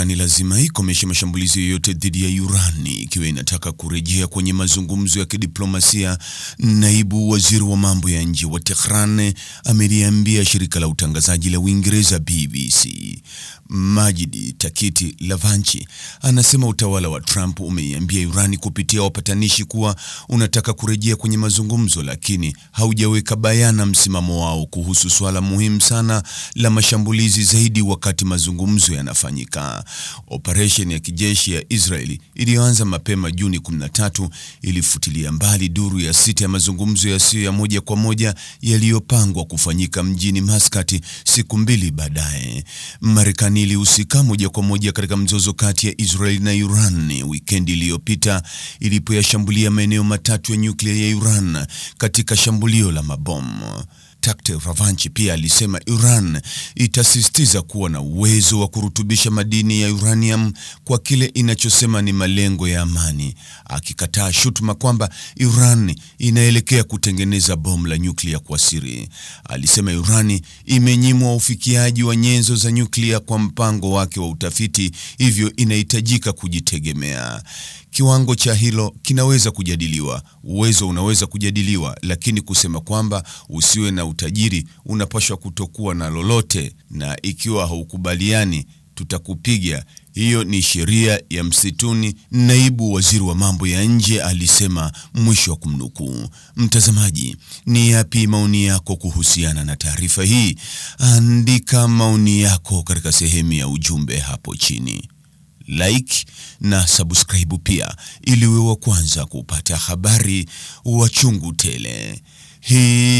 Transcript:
Marekani lazima ikomeshe mashambulizi yoyote dhidi ya Iran ikiwa inataka kurejea kwenye mazungumzo ya kidiplomasia, naibu waziri wa mambo ya nje wa Tehran ameliambia shirika la utangazaji la Uingereza BBC. Majid Takiti Lavanchi anasema utawala wa Trump umeiambia Iran kupitia wapatanishi kuwa unataka kurejea kwenye mazungumzo, lakini haujaweka bayana msimamo wao kuhusu suala muhimu sana la mashambulizi zaidi wakati mazungumzo yanafanyika. Operesheni ya kijeshi ya Israeli iliyoanza mapema Juni 13 ilifutilia mbali duru ya sita ya mazungumzo yasiyo ya moja kwa moja yaliyopangwa kufanyika mjini maskati siku mbili baadaye. Marekani ilihusika moja kwa moja katika mzozo kati ya Israeli na Iran wikendi iliyopita ilipoyashambulia maeneo matatu ya nyuklia ya Iran katika shambulio la mabomu. Takte Ravanchi pia alisema Iran itasisitiza kuwa na uwezo wa kurutubisha madini ya uranium kwa kile inachosema ni malengo ya amani, akikataa shutuma kwamba Iran inaelekea kutengeneza bomu la nyuklia kwa siri. Alisema Iran imenyimwa ufikiaji wa nyenzo za nyuklia kwa mpango wake wa utafiti, hivyo inahitajika kujitegemea. Kiwango cha hilo kinaweza kujadiliwa, uwezo unaweza kujadiliwa, lakini kusema kwamba usiwe na utajiri unapaswa kutokuwa na lolote, na ikiwa haukubaliani tutakupiga. Hiyo ni sheria ya msituni, naibu waziri wa mambo ya nje alisema, mwisho wa kumnukuu. Mtazamaji, ni yapi maoni yako kuhusiana na taarifa hii? Andika maoni yako katika sehemu ya ujumbe hapo chini, like na subscribe pia, ili uwe wa kwanza kupata habari wa chungu tele hii